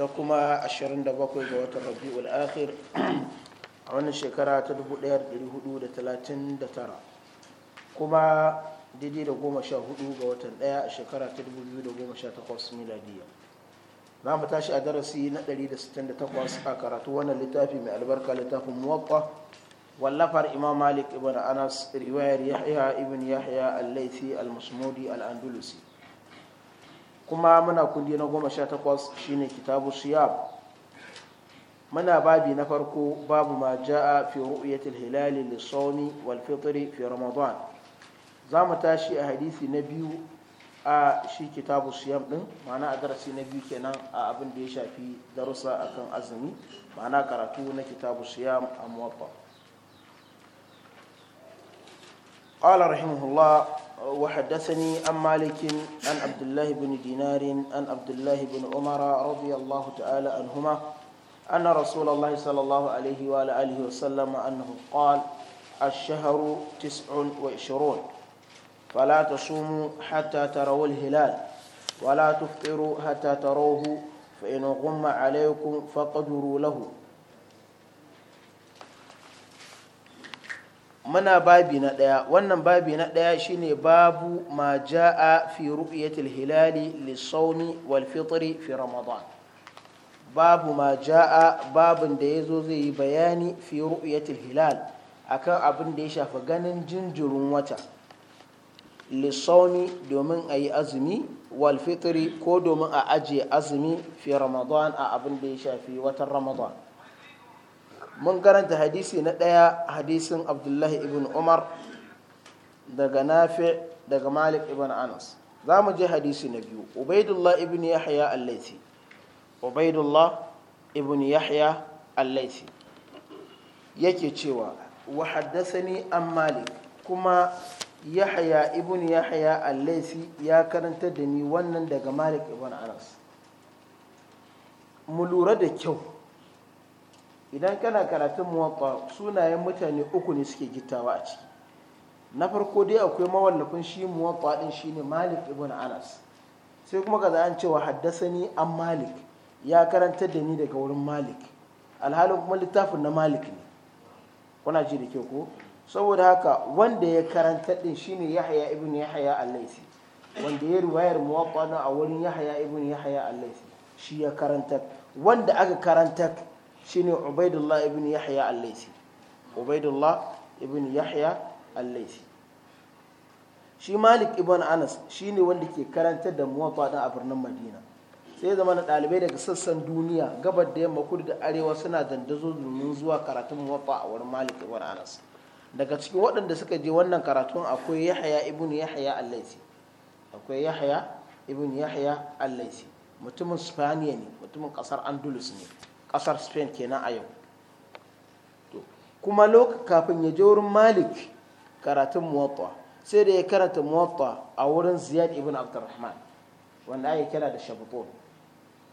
ta kuma 27 ga watan rabi'ul akhir a wannan shekara ta 1439 kuma daidai da goma sha hudu ga watan daya a shekara ta 2018 miladiya za mu tashi a darasi na 168 a karatu wannan littafi mai albarka littafin muwakwa wallafar imam malik ibn anas riwayar yahya ibn yahya al-laifi al-musmudi al-andalusi kuma muna kundi na goma sha takwas shine kitabu siyab muna babi na farko babu ma ja'a fi ru'yatil hilali sawmi wal fitri fi ramadan za mu tashi a hadisi na biyu a shi kitabu siyam din ma'ana a darasi na biyu kenan a abin da ya shafi darussa akan azumi ma'ana karatu na kitabu siyam a muwatta قال rahimahullah وحدثني عن مالك عن عبد الله بن دينار عن عبد الله بن عمر رضي الله تعالى عنهما أن رسول الله صلى الله عليه وعلى آله وسلم أنه قال الشهر تسع وعشرون فلا تصوموا حتى تروا الهلال ولا تفطروا حتى تروه فإن غم عليكم فقدروا له muna babi na ɗaya wannan babi na ɗaya shine babu ma ja'a fi ru'yatil hilali lissaumi wal fitri fi ramadan babu ma ja'a babin da yazo zai yi bayani fi ru'yatil hilal akan abin da ya shafi ganin jinjirin wata lissaumi domin a yi azumi wal fitri ko domin a ajiye azumi fi ramadan a abin da ya shafi watan ramadan mun karanta hadisi na ɗaya hadisin abdullahi ibn umar daga nafi daga malik ibn anas za mu je hadisi na biyu ubaidullah ibn yahya allaiti ubaidullah ibn yahya allaiti yake cewa wa haddasani an malik kuma yahya ibn yahya allaiti ya karanta da ni wannan daga malik ibn anas mu lura da kyau idan kana karatun muwatta sunayen mutane uku ne suke gittawa a ciki na farko dai akwai mawallafin shi muwatta din shine malik ibn anas sai kuma kaza an cewa ni an malik ya karanta da ni daga wurin malik alhalin kuma littafin na malik ne kuna ji da ke ko saboda haka wanda ya karanta din shine yahya ibn yahya al-laisi wanda ya riwayar muwatta a wurin yahya ibn yahya al-laisi shi ya karanta wanda aka karanta shine ubaidullah ibn yahya al-laisi ubaidullah ibn yahya al-laisi shi malik ibn anas shine wanda ke karantar da muwatta da a birnin madina sai zama na ɗalibai daga sassan duniya gabar da yamma kudu da arewa suna dandazo domin zuwa karatun muwatta a wurin malik ibn anas daga cikin waɗanda suka je wannan karatun akwai yahya ibn yahya al-laisi akwai yahya ibn yahya al-laisi mutumin spaniya ne mutumin ƙasar andalus ne kasar spain kenan a yau kuma kafin ya je wurin malik karatun muwatta sai da ya karanta muwatta a wurin ziyad ibn abdurrahman wanda ake kira da shabutun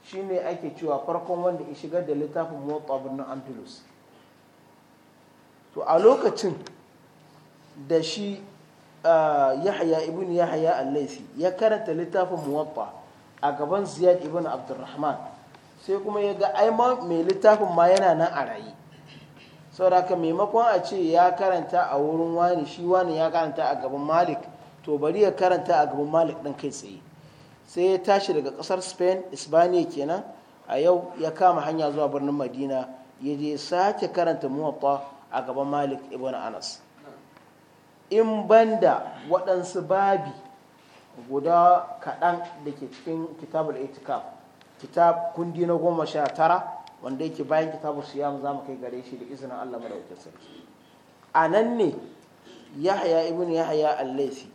shi ne ake cewa farkon wanda ya shigar da littafin muwatta birnin andalus to a lokacin da shi yahya ibn yahya allaisi ya karanta littafin muwatta a gaban ziyad ibn abdurrahman sai kuma ya ga aima mai littafin ma yana nan a raye saboda maimakon a ce ya karanta a wurin wani shi wani ya karanta a gaban malik to bari ya karanta a gaban malik ɗin kai tsaye sai ya tashi daga ƙasar spain ispaniya kenan a yau ya kama hanya zuwa birnin madina ya je sake karanta muwatta a gaban malik ibn anas in banda waɗansu babi guda kaɗan da ke cikin kitabul itikaf kitab kundi na goma sha tara wanda yake bayan kitabu siyam za mu kai gare shi da izinin Allah madaukakin sarki a nan ne yahaya ibn yahaya allaisi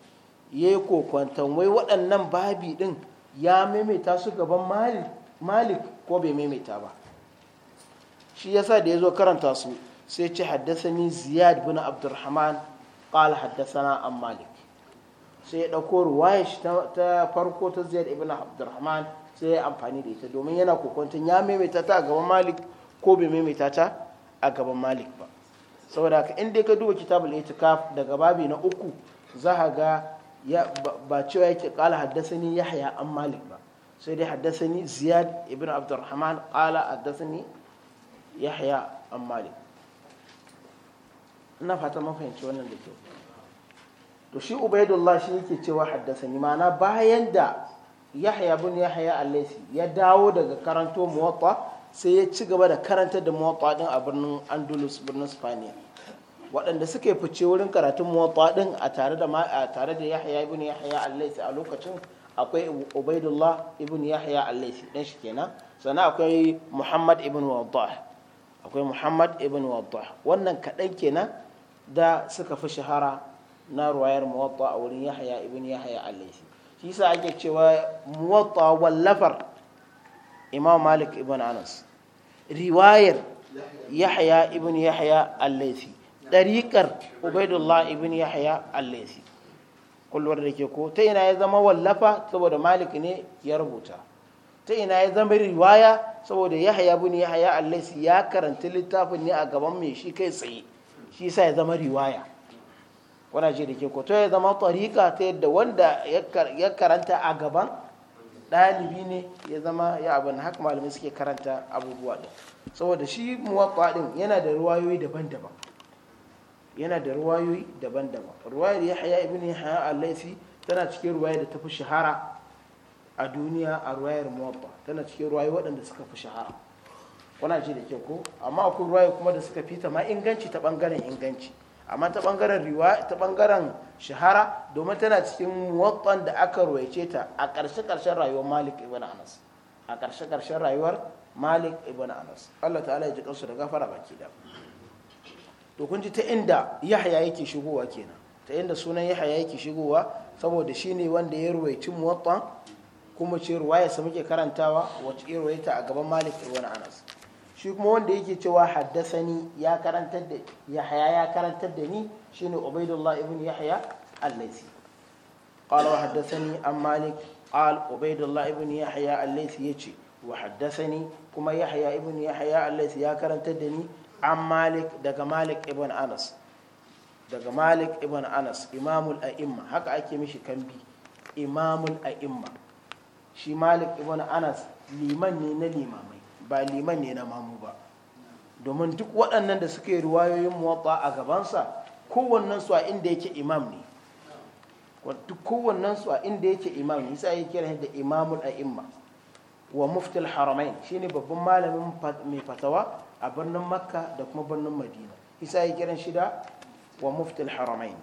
ya yi kokwanton wai waɗannan babi ɗin ya maimaita su gaban malik ko bai maimaita ba shi yasa da ya zo karanta su sai ce ni ziyad bin abdurrahman qala haddasana an malik sai ya ɗauko shi ta farko ta ziyad ibn abdurrahman sai ya amfani da ita domin yana kokwanton ya maimaita ta a gaban malik ko bai maimaita ta a gaban malik ba saboda haka inda ka duba kitabul itikaf daga babi na uku za ka ga ba cewa yake kala haddasani yahya an malik ba sai dai haddasani ziyad ibn abdurrahman kala haddasani yahya an malik ina fata mafahimci wannan da kyau to shi ubaidullah shi yake cewa haddasani ma'ana bayan da yahya bin yahya alaisi ya dawo daga karanto muwatta sai ya ci gaba da karanta da muwatta din a birnin andalus birnin spaniya waɗanda suka yi fice wurin karatun muwatta din a tare da yahya ibn yahya alaisi a lokacin akwai ubaidullah ibn yahya alaisi ɗan shi kenan sannan akwai muhammad ibn wadda wannan kaɗan kenan da suka fi shahara na ruwayar muwatta a wurin yahya ibn yahya alaisi shi yasa ake cewa muwatta wallafar imam malik ibn anas riwayar yahya ibn yahya al-laythi dariqar ubaidullah ibn yahya al-laythi da ke ko ta ina ya zama wallafa saboda malik ne ya rubuta ta ina ya zama riwaya saboda yahya ibn yahya al-laythi ya karanta littafin ne a gaban mai shi kai tsaye shi sa ya zama riwaya wana je da ke ko ya zama tariƙa ta yadda wanda ya karanta a gaban ɗalibi ne ya zama ya abin haka malamai suke karanta abubuwa ɗin saboda shi muwaƙa ɗin yana da ruwayoyi daban-daban yana da ruwayoyi daban-daban ruwayar yahya ibn yahya al-laisi tana cikin ruwaya da ta fi shahara a duniya a ruwayar muwatta tana cikin ruwayi waɗanda suka fi shahara wana ji da ke ko amma akwai ruwaya kuma da suka fita ma inganci ta ɓangaren inganci amma ta bangaren riwa ta bangaren shahara domin tana cikin muwattan da aka ruwaice ta a karshe ƙarshen rayuwar Malik ibn Anas a ƙarshe ƙarshen rayuwar Malik ibn Anas Allah ta'ala ya ji kansu da gafara baki da to kun ji ta inda Yahya yake shigowa kenan ta inda sunan Yahya yake shigowa saboda shine wanda ya ruwaici muwattan kuma ce ruwaya sa muke karantawa wacce ruwaita a gaban Malik ibn Anas shi kuma wanda yake cewa haddasani ya karantar da yahya ya karantar da ni shine ubaidullah ibn yahya al laisi qala wa haddasani an malik al ubaidullah ibn yahya al ya yace wa haddasani kuma yahya ibn yahya al laisi ya karantar da ni an malik daga malik ibn anas daga malik ibn anas imamul a'imma haka ake mishi kambi imamul a'imma shi malik ibn anas liman ne na limamai ba liman ne na mamu ba domin duk waɗannan da suka yi ruwayoyin muwatta a gabansa kowannen su a inda yake imam ne duk kowannen su a inda yake imam ne sai yake kira da imamul a'imma wa muftil haramain shine babban malamin mai fatawa a birnin makka da kuma birnin madina isa ya kiran shida wa muftil haramain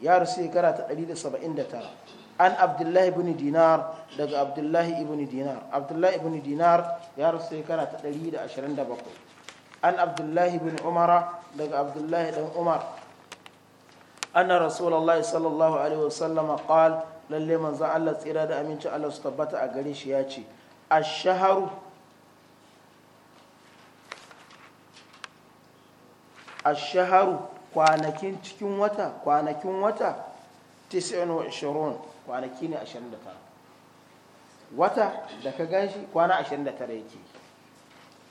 ya rasu shekara ta 179 an abdullahi ibn dinar daga abdullahi ibn dinar abdullahi ibn dinar ya rasu shekara ta 127 an abdullahi ibn umara daga abdullahi dan umar anna rasulullahi sallallahu alaihi wasallam qal lalle manzo Allah tsira da aminci Allah su tabbata a gare shi ya ce ash-shahru ash-shahru kwanakin cikin wata kwanakin wata 29 kwanaki ne 29 wata da ka gan shi kwana 29 yake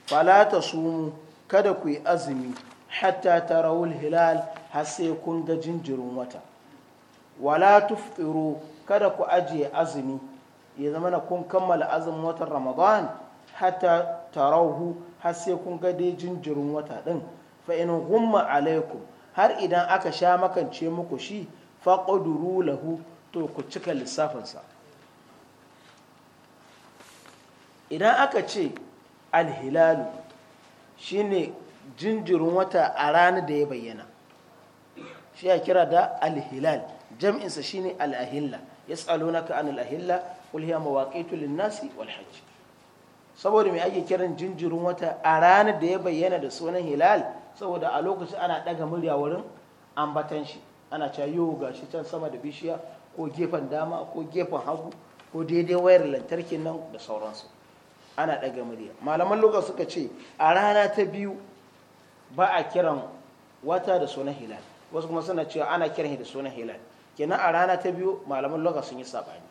falata ta sumu kada ku yi azumi hatta ta raul hilal har sai kun ga jinjirin wata wala firo kada ku ajiye azumi ya zama na kun kammala azumin watan ramadan hatta tarahu har sai kun ga dai jinjirin wata din fa gumma alaikum har idan aka sha makance muku shi duru lahu to ku cika lissafinsa idan aka ce alhilalu shine jinjirin wata a ranar da ya bayyana shi ya kira da alhilal jam'insa shine al'ahilla ya tsalo na ka'an al'ahilla ƙulhiya mawaƙaitu nasi walhaji saboda mai ake kiran jinjirin wata a ranar da ya bayyana da sunan hilal saboda a lokaci ana ɗaga murya wurin ambatan shi ana cayo shi can sama da bishiya ko gefen dama ko gefen hagu ko daidai wayar lantarki nan da sauransu ana ɗaga murya malaman lokacin suka ce a rana ta biyu ba a kiran wata da sunan hilal wasu kuma suna cewa ana kiran da sunan hilal kenan a rana ta biyu malaman lokacin sun yi saɓani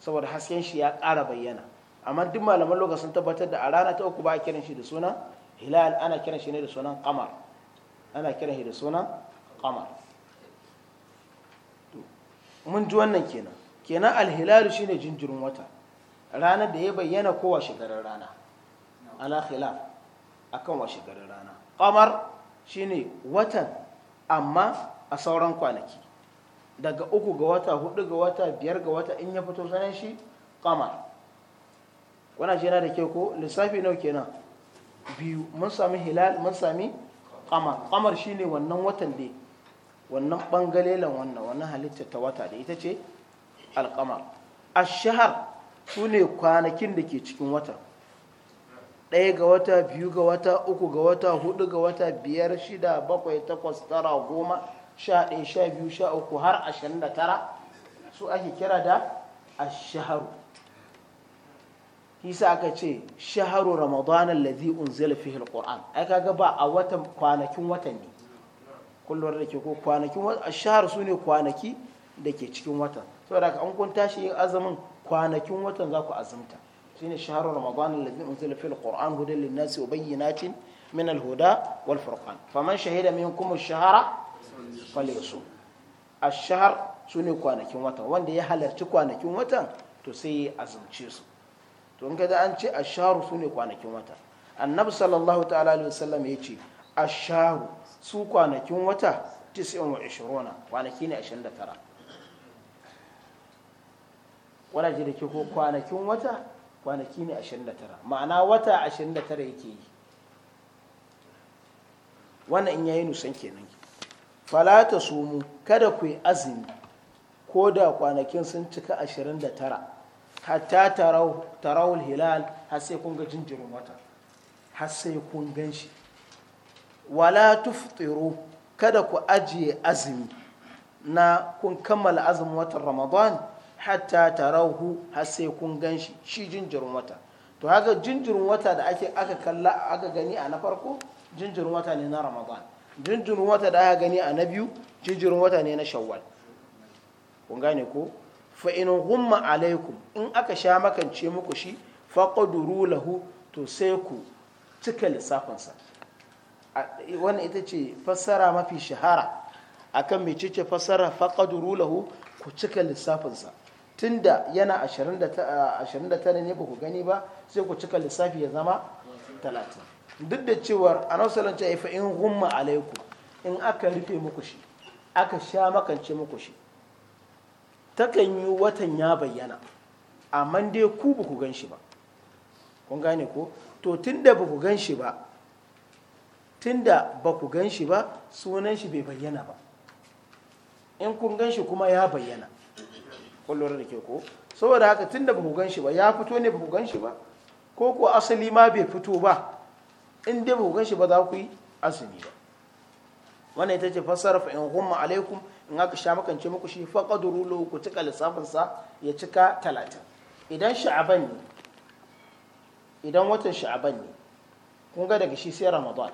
saboda hasken shi ya ƙara bayyana amma duk malaman lokacin sun tabbatar da a rana ta uku ba a kiran shi da sunan hilal ana kiran shi ne da sunan kamar ana kiran shi da sunan kamar mun ji wannan kenan kenan alhilalu shine jinjirin wata rana da ya bayyana ko washegarin rana ala khilaf akan washegarin rana kamar shine watan amma a sauran kwanaki daga uku ga wata hudu ga wata biyar ga wata in ya fito sanan shi kamar wana shi yana da ke ko lissafi nau kenan biyu mun sami hilal mun sami kamar kamar shine wannan watan da wannan bangalelan wannan wannan halittar ta wata da ita ce alkamar ashahar su ne kwanakin da ke cikin wata ɗaya ga wata biyu ga wata uku ga wata hudu ga wata biyar shida bakwai takwas tara goma sha ɗaya sha biyu sha uku har ashirin da tara su ake kira da shaharu hisa aka ce shaharu ramadanan lazi unzila fihi alquran gaba kaga a watan kwanakin watan ne kullum da ke ko kwanakin a shahar su ne kwanaki da ke cikin watan saboda ka an kun tashi yin azumin kwanakin watan za ku azumta shine shaharar ramadan alladhi unzila fil qur'an hudan lin nasi wa bayyinatin min al huda wal furqan faman shahida min ash-shahara A shahar su ne kwanakin watan wanda ya halarci kwanakin watan to sai ya azumce su to in ga an ce shahar su ne kwanakin watan annabi sallallahu ta'ala alaihi wasallam ya ce ashahu su kwanakin wata 29 kwanaki ne 29 ji da ke ko kwanakin wata kwanaki ne 29 ma'ana wata 29 yake yi wannan in yayi nusan kenan falata su mu kada ku yi azumi ko da kwanakin sun cika 29 hatta tarawul hilal har sai kun ga jinjirin wata har sai kun gan shi wala tuftiru kada ku ajiye azumi na kun kammala azumin watan ramadan hatta tarahu har sai kun gan shi shi jinjirin wata to haka jinjirin wata da ake aka kalla aka gani a na farko jinjirin wata ne na ramadan jinjirin wata da aka gani a na biyu jinjirin wata ne na shawwal kun gane ko fa in humma alaikum in aka sha makance muku shi faqduru lahu to sai ku cika lissafinsa wannan ita ce fassara mafi shahara akan mai cece fassara faƙadu lahu ku cika lissafinsa Tun da yana 29 ne ba ku gani ba sai ku cika lissafi ya zama 30 duk da cewar a nausalin ta haifa in gumma alaiku in aka rufe muku shi aka sha makance muku shi takan yi watan ya bayyana amma dai ku ba ku gan shi ba kun gane ko to tun da ba ku gan shi ba tunda ba ku gan shi ba sunan shi bai bayyana ba in kun gan shi kuma ya bayyana kullum da ke ko saboda haka tunda ba ku gan shi ba ya fito ne ba ku gan shi ba ko ku asali ma bai fito ba in dai ba ku gan shi ba za ku yi asali ba wannan ita ce fassara fa in humma alaikum in aka sha makance muku shi fa qadru ku cika lissafin sa ya cika 30 idan sha'aban ne idan watan sha'aban ne kun ga daga shi sai ramadan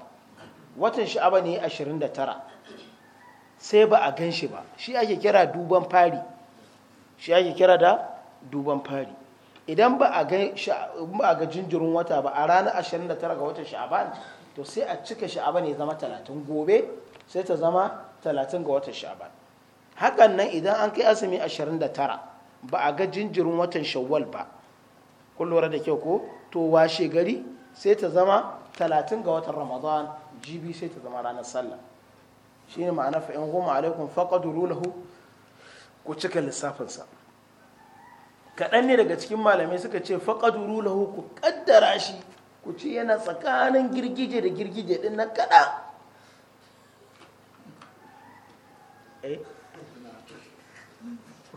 watan sha'aba ne 29 sai ba a gan shi ba shi ake kira duban fari shi ake kira da duban fari idan ba a ga jinjirin wata ba a ranar 29 ga watan sha'aba to sai a cika sha'aba ne zama 30 gobe sai ta zama 30 ga watan sha'aba hakan nan idan an kai asumi 29 ba a ga jinjirin watan shawwal ba kullum da kyau ko to washe gari sai ta zama 30 ga watan ramadan jibi sai ta zama ranar sallah shi ne ma'ana fa'in goma alaikun faƙaduru lahu ku cika lissafinsa kaɗan ne daga cikin malamai suka ce faƙaduru lahu ku ƙaddara shi ku ci yana tsakanin girgije da girgije ɗin na kaɗa eh?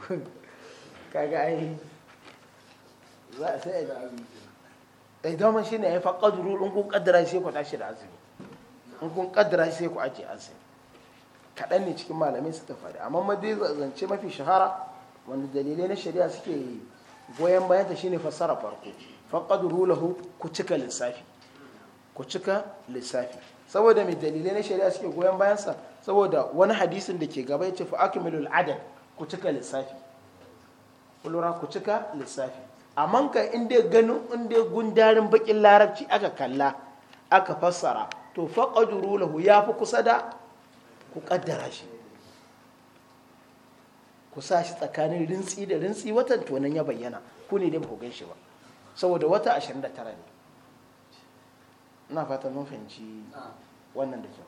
za a sai a yi eh, dama shi ne ya faƙaduru ɗin ku ƙaddara shi ku tashi da azumi in kun kaddara shi sai ku ajiye an sayar kaɗan ne cikin malamai suka faɗi amma madai zance mafi shahara wanda dalilai na shari'a suke goyon bayan ta shine fassara farko faqadru lahu ku cika lissafi ku cika lissafi saboda mai dalilai na shari'a suke goyon bayan sa saboda wani hadisin da ke gaba ya ce fa akmilul adad ku cika lissafi kulura ku cika lissafi amma ka inda ganin inda gundarin bakin larabci aka kalla aka fassara to faƙaduru lahu ya fi kusa da ku ƙaddara shi ku sa shi tsakanin rintsi da rintsi watan tonan ya bayyana ku ne dai bugun shi ba saboda wata 29 ne ina fata mun fahimci wannan da kyau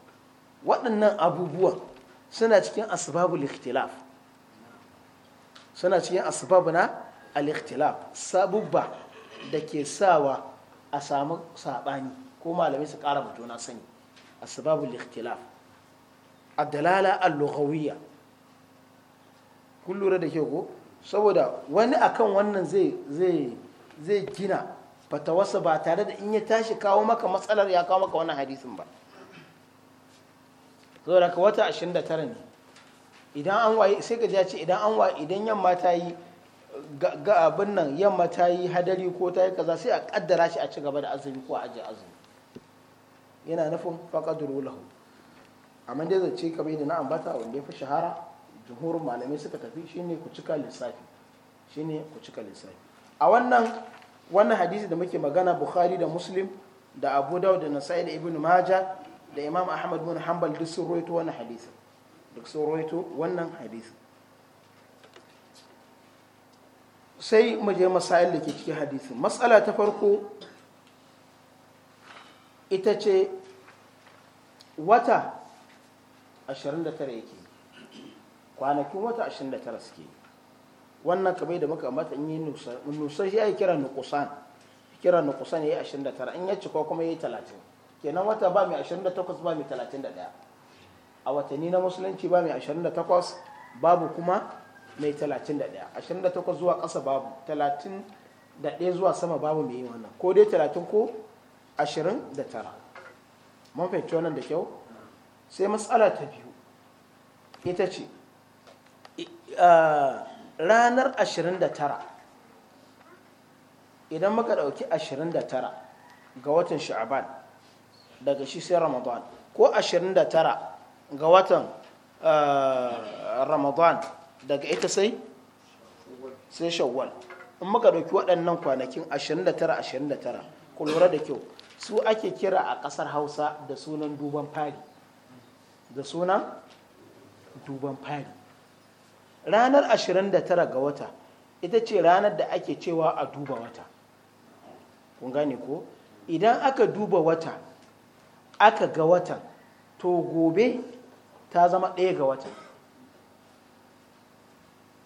waɗannan abubuwan suna cikin asibabu ikhtilaf suna cikin asibabu na al sabubba da ke sawa a samu saɓani ko malamai su kara mutu na sani a sababu ikhtilaf a dalala al-lughawiyya kun lura da ke ko saboda wani akan wannan zai zai zai gina wasu ba tare da in ya tashi kawo maka matsalar ya kawo maka wannan hadisin ba saboda ka wata 29 ne idan an waye sai ka ce idan an waye idan yamma ta yi ga abin nan yamma ta yi hadari ko ta yi kaza sai a kaddara shi a ci gaba da azumi ko a ajiye azumi yana nufin faƙaduru lahu amma dai zance kamar da na ambata wanda ya fi shahara jumhurin malamai suka tafi shine ku cika lissafi shine ku cika lissafi a wannan wannan hadisi da muke magana bukhari da muslim da abu dawud da nasa'i da ibnu maja da imam ahmad bin hanbal duk sun roito wannan hadisi duk sun roito wannan hadisi sai mu je masail da ke cikin hadisi matsala ta farko ita ce wata 29 yake kwanakin wata 29 suke wannan kamar da muka mata in yi nusa shi ya yi kira nukusan kira nukusan ya yi 29 in ya cika kuma ya yi 30 kenan wata ba mai 28 ba mai 31 a watanni na musulunci ba mai 28 babu kuma mai 31 28 zuwa ƙasa babu 31 zuwa sama babu mai yi wannan ko dai 30 ko ashirin da tara mun fahimci wannan da kyau sai matsala ta biyu ita ce ranar ashirin da tara idan muka ɗauki ashirin da tara ga watan sha'aban daga shi sai ramadan ko ashirin da tara ga watan ramadan daga ita sai sai shawwal in muka ɗauki waɗannan kwanakin ashirin da tara ashirin da ku lura da kyau su ake kira a ƙasar hausa da sunan duban fari da sunan duban fari ranar 29 ga wata ita ce ranar da ake cewa a duba wata kun gane ko idan aka duba wata aka ga wata, to gobe ta zama ɗaya ga wata.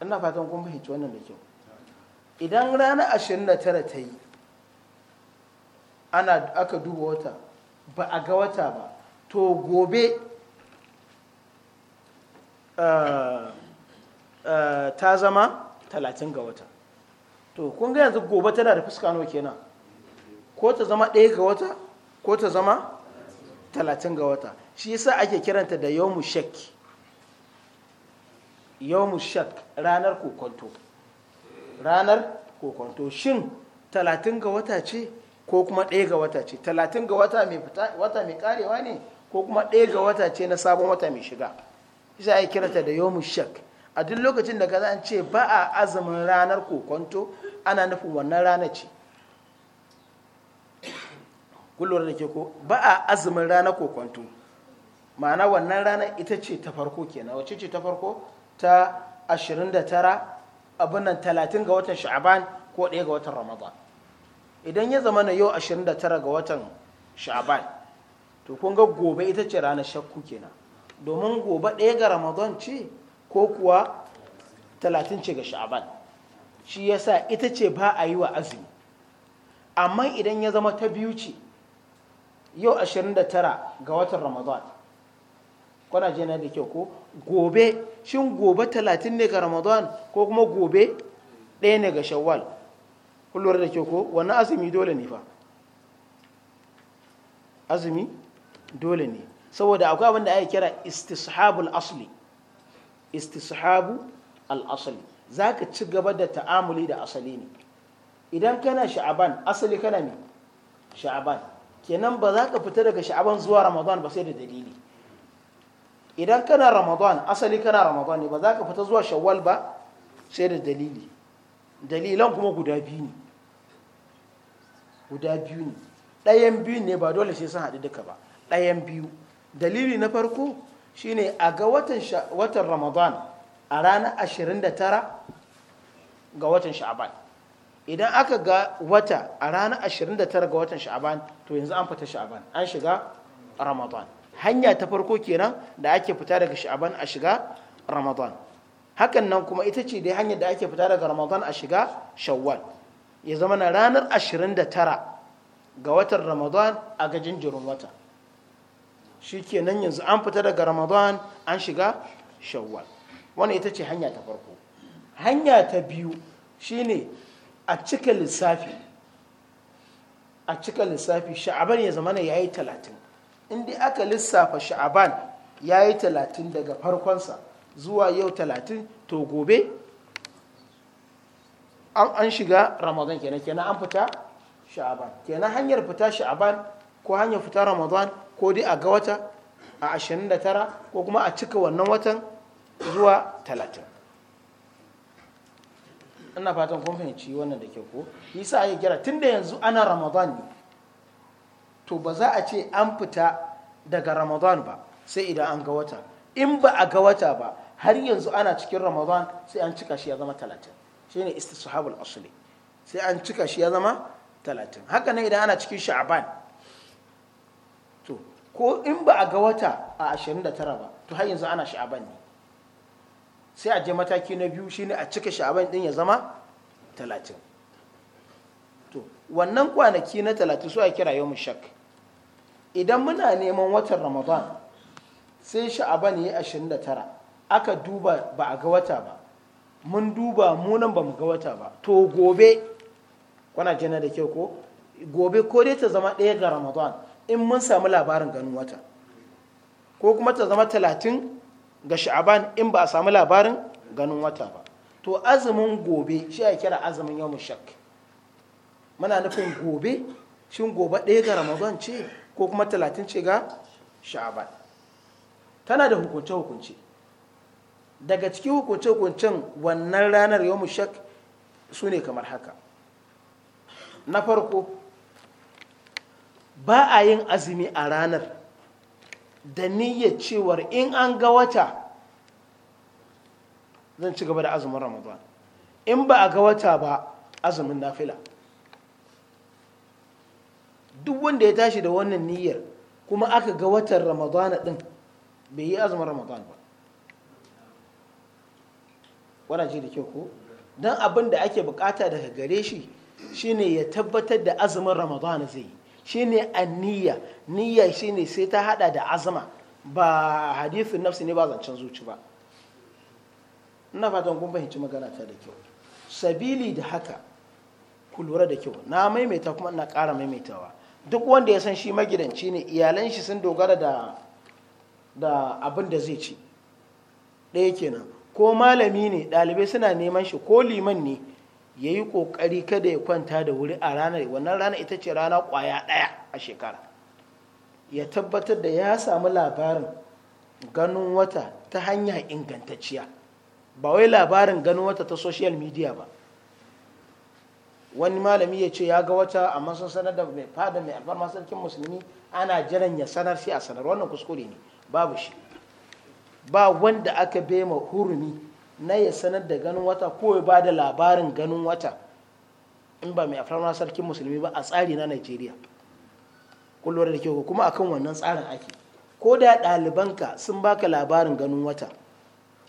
ina fatan kun fahimci wannan da kyau idan ranar 29 ta yi ana aka duba wata ba a ga wata ba to gobe eh, eh, ta zama talatin ga wata to kun ga yanzu gobe tana da fuska nawa kenan ko ta zama ɗaya ga wata ko ta zama talatin ga wata shi yasa ake kiranta da yawmu shak yawmu ranar kokonto ranar kokonto shin talatin ga wata ce ko kuma ɗaya ga wata ce talatin ga wata mai wata karewa ne ko kuma ɗaya ga wata ce na sabon wata mai shiga isa ya ta da yomu shak a duk lokacin da kaza an ce ba a azumin ranar kokonto ana nufin wannan rana ce kullum da ke ko ba a azumin ranar kokonto ma'ana wannan rana ita ce ta farko kenan wacce ce ta farko ta 29 abin nan 30 ga watan sha'aban ko 1 ga watan ramadan idan ya zama na yau 29 ga watan sha'aban to kun ga gobe ita ce ranar shakku kenan domin gobe ɗaya ga ramadan ce ko kuwa 30 ce ga sha'aban shi ya sa ita ce ba a yi wa azumi amma idan ya zama ta biyu ce yau 29 ga watan ramadan kwana je na da kyau ko gobe shin gobe 30 ne ga ramadan ko kuma gobe ɗaya ne ga shawwal kullum da ke ko wani azumi dole ne fa azumi dole ne saboda akwai abinda da ake kira istishabul asli istishabu al-asli za ka ci gaba da ta'amuli da asali ne idan kana sha'aban asali kana ne sha'aban kenan ba za ka fita daga sha'aban zuwa ramadan ba sai da dalili idan kana ramadan asali kana ramadan ne ba za ka fita zuwa shawwal ba sai da dalili dalilan kuma guda biyu ne guda biyu ne ɗayan biyu ne ba dole sai sun haɗu duka ba ɗayan biyu dalili na farko shine a ga watan ramadan a ranar 29 ga watan sha'aban idan aka ga wata a ranar 29 ga watan sha'aban to yanzu an fita sha'aban an shiga ramadan hanya ta farko kenan da ake fita daga sha'aban a shiga ramadan hakan nan kuma ita ce dai hanyar da ake fita daga ramadan a shiga shawwal ya zama na ranar 29 ga watan ramadan a gajin jinjirin wata shi kenan yanzu an fita daga ramadan an shiga shawwal wani ita ce hanya ta farko hanya ta biyu shine a cika lissafi a cika lissafi sha'aban ya zama ya yi talatin inda aka lissafa sha'aban ya yi talatin daga farkonsa zuwa yau talatin to gobe an shiga ramadan kenan kenan an fita sha'aban kenan hanyar fita sha'aban ko hanyar fita ramadan ko dai a ga wata a 29 ko kuma a cika wannan watan zuwa 30 ina fatan kun fahimci wannan da ke ko yasa ake kira tunda yanzu ana ramadan ne to ba za a ce an fita daga ramadan ba sai idan an ga wata in ba a ga wata ba har yanzu ana cikin ramadan sai an cika shi ya zama talatin shine istishabul asli sai an cika shi ya zama talatin haka ne idan ana cikin sha'aban to ko in ba a ga wata a 29 ba to har yanzu ana sha'aban ne sai a je mataki na biyu shine a cika sha'aban din ya zama talatin to wannan kwanaki na talatin su a kira yau shak idan muna neman watan ramadan sai sha'aban ya yi 29 aka duba ba a ga wata ba mun duba munan ba mu ga wata ba to gobe kwana jana da kyau ko gobe ko dai ta zama ɗaya ga ramadan in mun samu labarin ganin wata ko kuma ta zama talatin ga sha'aban in ba a samu labarin ganin wata ba to azumin gobe shi a kira azumin yawon shak muna nufin gobe shin gobe ɗaya ga ramadan ce ko kuma talatin ce ga sha'aban tana da hukunce-hukunce daga cikin hukunce-hukuncen wannan ranar yau mu shak su ne kamar haka na farko ba a yin azumi a ranar da niyyar cewar in an ga wata zan ci gaba da azumin ramadan in ba a ga wata ba azumin nafila duk wanda ya tashi da wannan niyyar kuma aka ga watan ramadan din bai yi azumin ramadan ba wana ji da kyau ko don abin da ake bukata daga gare shi shine ya tabbatar da azumin ramadan zai yi shine aniyya niyya shine sai ta hada da azuma ba hadithin nafsi ne ba zancen zuci ba ina fatan kun fahimci magana ta da kyau sabili da haka ku lura da kyau na maimaita kuma ina ƙara maimaitawa duk wanda ya san shi magidanci ne iyalan shi sun dogara da da abin da zai ci ɗaya kenan ko malami ne ɗalibai suna neman shi ko liman ne ya yi ƙoƙari kada ya kwanta da wuri a ranar wannan rana ita ce rana ƙwaya ɗaya a shekara ya tabbatar da ya samu labarin ganin wata ta hanya ingantacciya ba wai labarin ganin wata ta social media ba wani malami ya ce ya ga wata amma sun sanar da mai fada mai alfarma sarkin musulmi ana jiran ya sanar sai a sanar wannan kuskure ne babu shi ba wanda aka ma hurumi na ya sanar da ganin wata ko ya ba da labarin ganin wata in ba mai afirma sarkin musulmi ba a tsari na nigeria kullum da kyau kuma akan wannan tsarin ake ko da ɗalibanka sun baka labarin ganin wata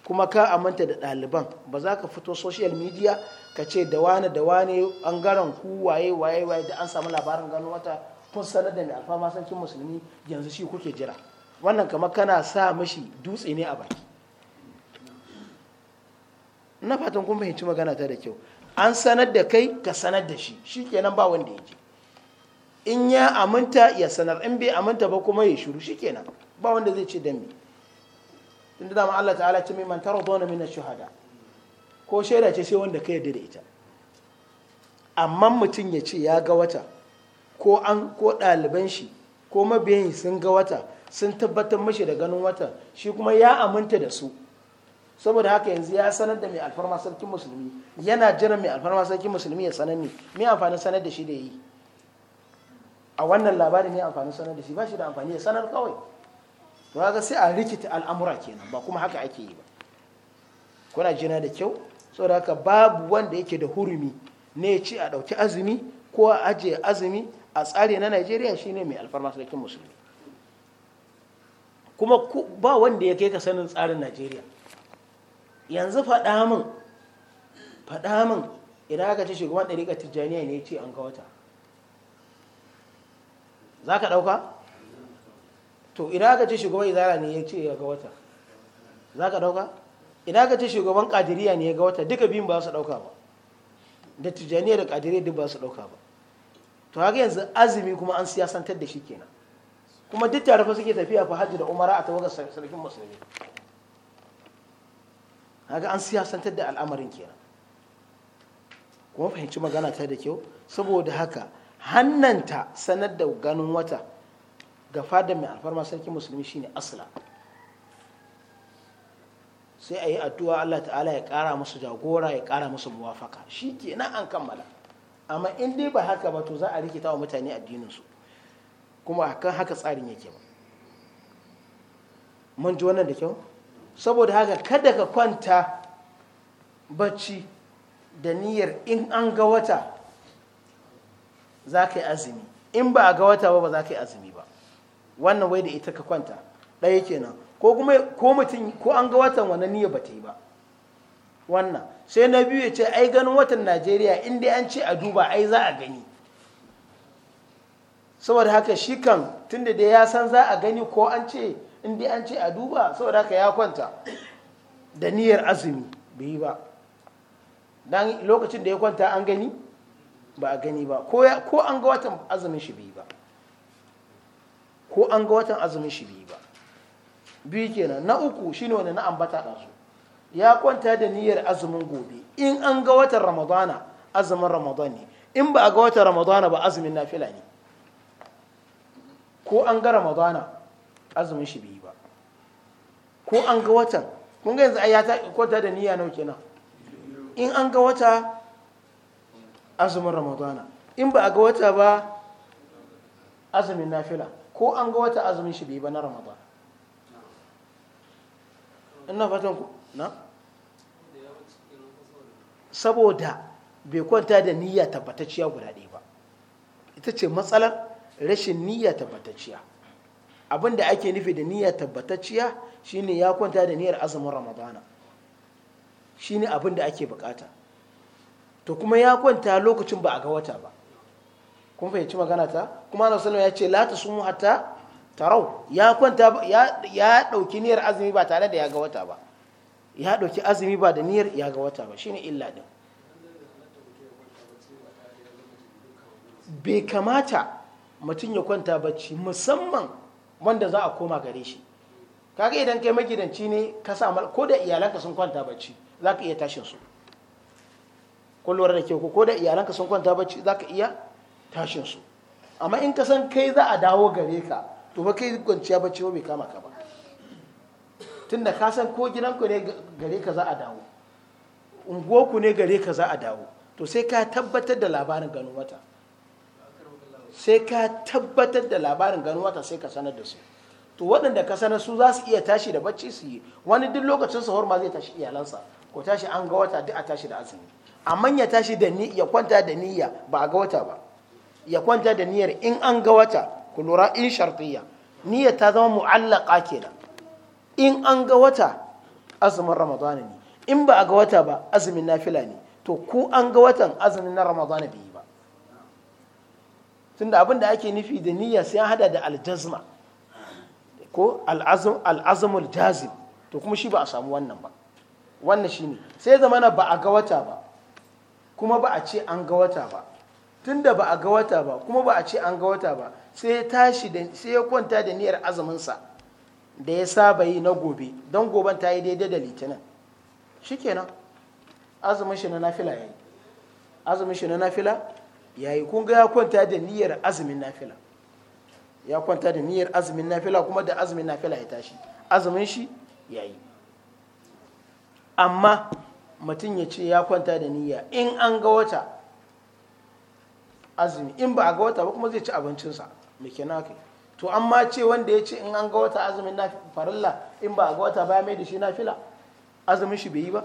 kuma ka amanta da ɗaliban ba za ka fito social media ka ce da wane da wane ɓangaren ku waye waye waye da an samu labarin ganin wata kun sanar da mai alfama sarkin musulmi yanzu shi kuke jira wannan kamar kana sa mashi dutse ne a baki na fatan kun fahimci magana ta da kyau an sanar da kai ka sanar da shi shi kenan ba wanda ya ji in ya aminta ya sanar in bai aminta ba kuma ya shuru shi kenan ba wanda zai ce dami tun da dama Allah ta'ala ce mai mantarar taradona min shuhada ko shaida ce sai wanda ka yarda da ita amma mutum ya ce ya ga wata ko an ko ɗaliban shi ko mabiyan sun ga wata sun tabbatar mashi da ganin wata shi kuma ya aminta da su saboda haka yanzu ya sanar da mai alfarma sarkin musulmi yana jiran mai alfarma sarkin musulmi ya sanar ne mai amfanin sanar da shi da yi a wannan labarin ne amfanin sanar da shi ba shi da amfani ya sanar kawai to haka sai a rikita al'amura kenan ba kuma haka ake yi ba kuna jina da kyau saboda haka babu wanda yake da hurumi ne ya a ɗauki azumi ko a ajiye azumi a tsari na najeriya shine mai alfarma sarkin musulmi kuma ba wanda ya kai ka sanin tsarin najeriya yanzu faɗa min faɗa min idan aka ce shugaban ɗariƙa tijjaniya ne ce an ga wata za ka ɗauka? to idan aka ce shugaban izara ne ya ce ya kawata wata za ka ɗauka? idan aka ce shugaban ƙadiriya ne ya ga wata duka biyun ba su ɗauka ba da tijjaniya da ƙadiriya duk ba su ɗauka ba to haka yanzu azumi kuma an siyasantar da shi kenan kuma duk tarafa suke tafiya fa hajji da umara a tawagar sarkin musulmi haka an siyasantar da al'amarin kenan kuma fahimci magana ta da kyau saboda haka hannanta sanar da ganin wata ga fada mai alfarma sarkin musulmi shine asila sai a yi addu'a Allah ta'ala ya kara musu jagora ya kara musu muwafaka shi kenan an kammala amma in dai ba haka ba to za a rikita wa mutane addininsu kuma kan haka tsarin yake ba mun ji wannan da kyau saboda haka kada ka kwanta bacci da niyyar in an ga wata za ka yi azumi in ba a ga wata ba ba za ka yi azumi ba wannan wai da ita ka kwanta ɗaya kenan ko kuma ko mutum ko an ga watan wannan niyyar ba ta yi ba wannan sai na biyu ya ce ai ganin watan najeriya inda an ce a duba ai za a gani saboda haka shi kan tunda da ya san za a gani ko an ce inda an ce a duba saboda haka ya kwanta da niyyar azumi bai yi ba don lokacin da ya kwanta an gani ba a gani ba ko an ga watan azumin shi bai ba ko an ga watan azumin shi bai ba biyu kenan na uku shine wani na ambata ɗansu ya kwanta da niyyar azumin gobe in an ga watan ramadana azumin ramadan ne in ba a ga watan ramadana ba azumin nafila ne ko an ga ramadana azumin shi biyu ba ko an ga watan kun ga yanzu ai ya kwanta da niyya nauke na in an ga wata azumin ramadana in ba a ga wata ba azumin nafila ko an ga wata azumin shi biyu ba na ramadana ina fatan ku na saboda bai kwanta da niyya tabbatacciya guda ɗaya ba ita ce matsalar rashin niyya tabbatacciya abinda ake nufi da niyya tabbatacciya shine ya kwanta da niyyar azumin ramadana shine abin da ake bukata to kuma ya kwanta lokacin ba a ga wata ba kun fahimci magana ta kuma ana sallama ya ce la ta hata tarau ya kwanta ya dauki niyyar azumi ba tare da ya ga wata ba ya ɗauki azumi ba da niyyar ya ga wata ba shi ne illa din bai kamata mutum ya kwanta bacci musamman wanda za a koma gare shi kaga idan kai magidanci ne ka samu ko da iyalanka sun kwanta bacci za ka iya tashin su kullum da ke ko da iyalanka sun kwanta bacci za ka iya tashin su amma in ka san kai za a dawo gare ka to ba kai kwanciya bacci ba bai kama ka ba tun da kasan ko gidanku ne gare ka za a dawo unguwarku ne gare ka za a dawo to sai ka tabbatar da labarin ganin wata sai ka tabbatar da labarin ganin wata sai ka sanar da su to waɗanda ka sanar su za su iya tashi da bacci su yi wani duk lokacin sahur ma zai tashi iyalansa ko tashi an ga wata duk a tashi da azumi amma ya tashi da ni ya kwanta da niyya ba a ga wata ba ya kwanta da niyyar in an ga wata ku lura in shartiyya niyyar ta zama mu'allaka kenan in an ga wata azumin ramadana ne in ba a ga wata ba azumin nafila ne to ku an ga watan azumin na ramadana bai yi ba tunda abin da ake nufi da niyya sai an hada da aljazma ko al'azumul jazim to kuma shi ba a samu wannan ba wannan shi ne sai zamana ba a ga wata ba kuma ba a ce an ga wata ba tunda ba a ga wata ba kuma ba a ce an ga wata ba sai ya tashi sai ya kwanta da niyyar azuminsa da ya saba yi na gobe don goben ta yi daidai da litinin shikenan azumin shi na nafila yi azumin shi na nafila ya yi kunga ya kwanta da niyyar azumin nafila ya kwanta da niyyar azumin nafila kuma da azumin nafila ya tashi azumin shi ya yi amma mutum ya ce ya kwanta da niyya in an ga wata azumi in ba a ga wata ba kuma zai ci abincinsa me kenan kai to amma ce wanda ya ce in an ga wata azumin na farilla in ba a ga wata ba mai da shi na fila azumin shi bai yi ba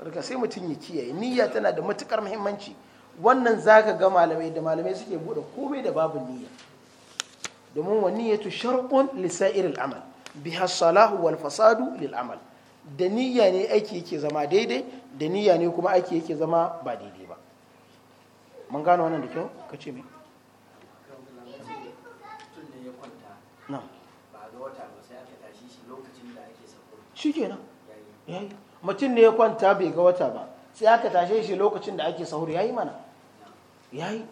rika sai mutum ya kiyaye niyya tana da matukar muhimmanci wannan za ka ga malamai da malamai suke buɗe komai da babu niyya domin wa tu sharqun li sa'iril amal bi wal fasadu lil amal da niyya ne aiki yake zama daidai da niyya ne kuma aiki yake zama ba daidai ba mun gano wannan da kyau ka ce me na wata ba shi lokacin da ake mutum ne ya kwanta bai ga wata ba sai aka tashe shi lokacin da ake ya yi mana ya yi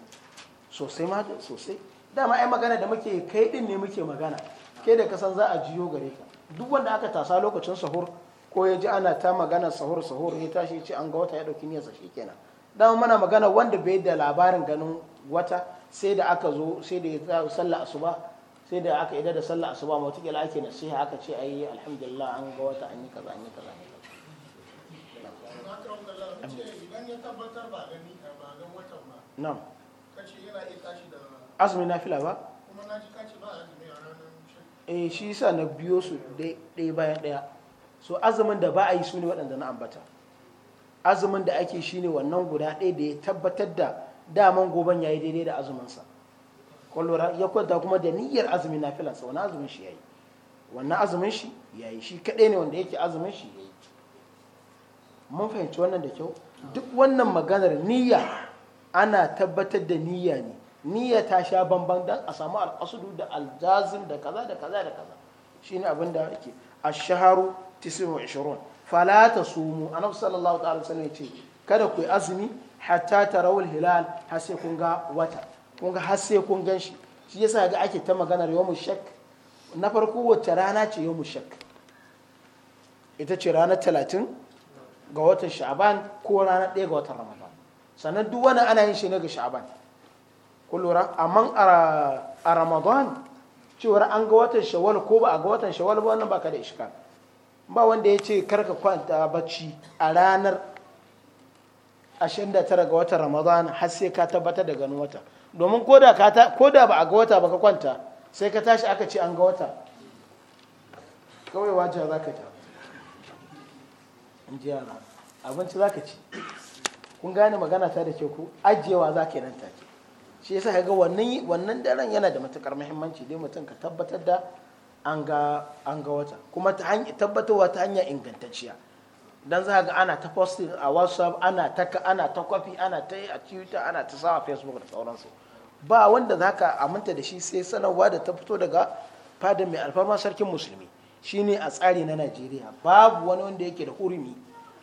sosai ma sosai dama ai magana da muke kai din ne muke magana ke da kasan za a jiyo gare ka duk wanda aka tasa lokacin sahur ko ya ji ana ta magana sahur sahur ya tashi ce an ga wata ya dauki niyyarsa kenan dama mana magana wanda bai da labarin ganin wata sai da aka zo sai da ya sallah asuba sai da aka idar da sallah asuba ma wataƙila ake nasiha aka ce ayi alhamdulillah an ga wata an yi kaza an yi kaza an yi kaza Na'am. Azumi na fila ba? Kuma na ji kace ba azumi a ranar Eh shi yasa na biyo su ɗaya bayan ɗaya. So azumin da ba a yi su ne waɗanda na ambata. Azumin da ake shi ne wannan guda ɗaya da ya tabbatar da daman goban yayi daidai da azuminsa. sa. kullura ya kwanta kuma da niyyar azumin na sa wani azumin shi yi, wannan azumin shi yi, shi kaɗai ne wanda yake azumin shi yi, mun fahimci wannan da kyau duk wannan maganar niyya ana tabbatar da niyya ne niyya ta sha bamban dan a samu alasudu da aljazim da kaza da kaza da kaza shine abin da yake ash-shahru 29 fala tasumu annabi sallallahu ta'ala alaihi wasallam kada ku azumi hatta tarawul hilal har sai kun ga wata kun ga har sai kun gan shi shi yasa ga ake ta maganar yawmu shak na farko wacce rana ce yawmu shak ita ce ranar talatin ga watan sha'aban ko ranar ɗaya ga watan ramadan sannan duk wani ana yin shi ne ga sha'aban ku lura amma a ramadan cewar an ga watan shawal ko ba a ga watan shawal ba wannan baka da ishkal ba wanda ya ce karka kwanta bacci a ranar 29 ga watan ramadan har sai ka tabbatar da ganin wata domin ko da ba a ga wata ba ka kwanta sai ka tashi aka ce an ga wata kawai wajen za ka ta in ji abinci za ka ci kun gane magana ta da ke ku ajiyewa za ka yi nan take shi yasa ka ga wannan daren yana da matukar muhimmanci dai mutum ka tabbatar da an ga wata kuma tabbatarwa ta hanyar ingantacciya don za ga ana ta posting a whatsapp ana ta ana kwafi ana ta yi a twitter ana ta sawa facebook da sauransu ba wanda za ka aminta da shi sai sanarwa da ta fito daga fadin mai alfarma sarkin musulmi shine a tsari na najeriya babu wani wanda yake da hurumi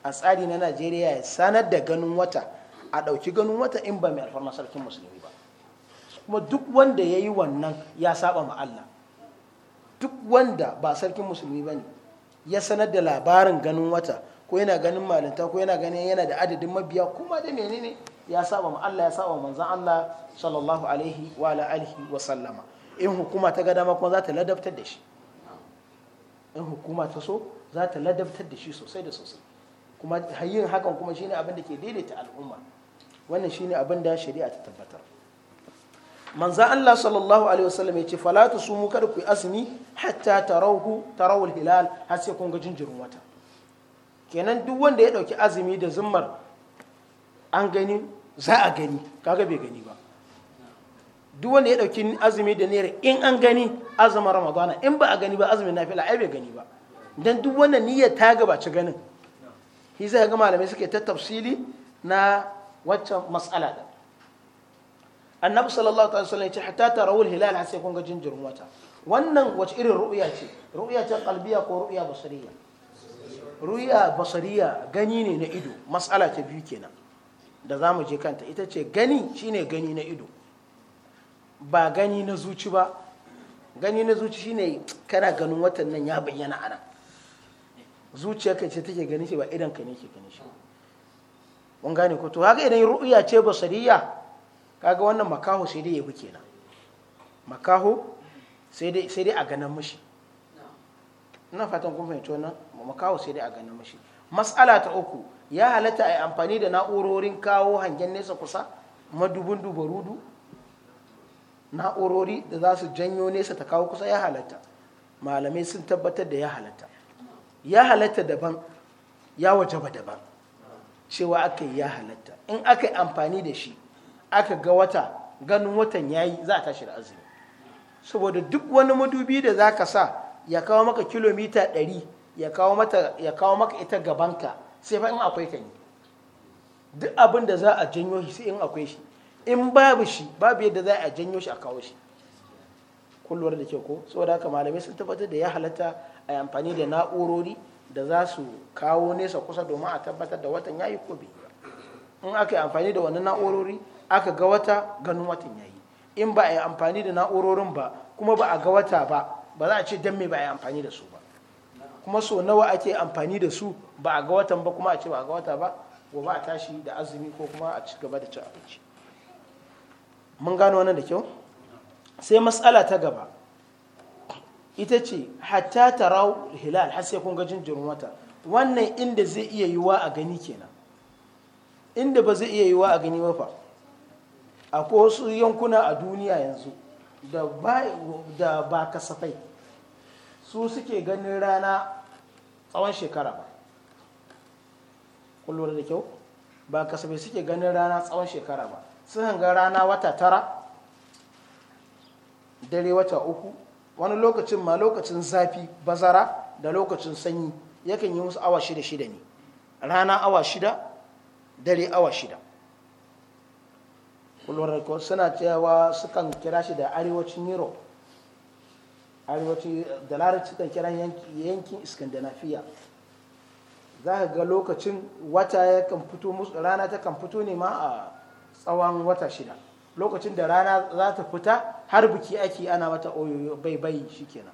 a tsari na najeriya ya sanar da ganin wata a ɗauki ganin wata in ba mai alfarma sarkin musulmi ba kuma duk wanda ya yi wannan ya saba ma allah duk wanda ba sarkin musulmi ba ne ya sanar da labarin ganin wata ko yana ganin malinta ko yana ganin yana da adadin mabiya kuma da menene ya saba ma Allah ya saba manzan Allah sallallahu alaihi wa alihi wa sallama in hukuma ta ga dama kuma za ta ladabtar da shi in hukuma ta so za ta ladabtar da shi sosai da sosai kuma yin hakan kuma shine abin da ke daidaita al'umma wannan shine abin da shari'a ta tabbatar manzan Allah sallallahu alaihi wa sallam ya ce falatu su kada ku yi azumi hatta tarahu tarawul hilal har sai kun ga jinjirin wata kenan duk wanda ya dauki azumi da zummar an gani za a gani kaga bai gani ba duk wanda ya dauki azumi da niyyar in an gani azumin ramadana in ba a gani ba azumin nafila ai bai gani ba dan duk wannan niyyar ta gabaci ganin shi zai ga malamai suke ta tafsili na waccan mas'ala da annabi sallallahu alaihi wasallam ya ce hatta tarawul hilal har sai kun ga jinjirin wata wannan wace irin ru'ya ce ru'ya ce qalbiya ko ru'ya basariya ru'ya basariya gani ne na ido mas'ala ta biyu kenan da za mu je kanta ita ce gani shine gani na ido ba gani na zuci ba gani na zuci shine kana ganin watan nan ya bayyana ana zuciyarka ce take gani shi ba idan ka ne ke gani shi mun gane ko to haka idan ru'ya ce basariya kaga wannan makaho sai dai yabi kenan makaho sai dai a ganin mashi ina fatan kun fahimci wannan makaho sai dai a ganin mashi matsala ta uku ya halatta a yi amfani da na'urorin kawo hangen nesa kusa madubin dubarudu na'urori da za su janyo nesa ta kawo kusa ya halatta malamai sun tabbatar da ya halatta ya halatta daban ya wajaba daban cewa aka yi ya halatta in aka yi amfani da shi aka ga wata ganin watan ya yi za a tashi da azumi saboda duk wani madubi da za ka sa ya kawo maka kilomita 100 ya kawo mata ya kawo maka ita gabanka sai fa in akwai ka ne duk abin da za a janyo shi sai in akwai shi in babu shi babu yadda za a janyo shi a kawo shi kullum da ke ko saboda haka malamai sun tabbatar da ya halatta a amfani da na'urori da za su kawo nesa kusa domin a tabbatar da watan yayi ko bai in aka yi amfani da wannan na'urori aka ga wata ganin watan yayi in ba a yi amfani da na'urorin ba kuma ba a ga wata ba ba za a ce dan me ba a yi amfani da su kuma so nawa ake amfani da su ba a ga watan ba kuma a ce ba a ga wata ba gobe a tashi da azumi ko kuma a ci gaba da cin abinci mun gano wannan da kyau sai matsala ta gaba ita ce hatta tarau hilal har sai kun ga jinjirin wata wannan inda zai iya yiwa a gani kenan inda ba zai iya yiwa a gani ba fa akwai wasu yankuna a duniya yanzu da ba kasafai su suke ganin rana tsawon shekara ba kullum da kyau ba kasafai suke ganin rana tsawon shekara ba sun ga rana wata tara dare wata uku wani lokacin ma lokacin zafi bazara da lokacin sanyi yakan yi musu awa shida shida ne rana awa shida dare awa shida kullum suna cewa sukan kira shi da arewacin europe arewaci da larabci kan kiran yankin iskandinafiya za ka ga lokacin wata ya kan fito rana ta kan fito ne ma a tsawon wata shida lokacin da rana za ta fita har biki ake ana mata oyoyo bai bai shikenan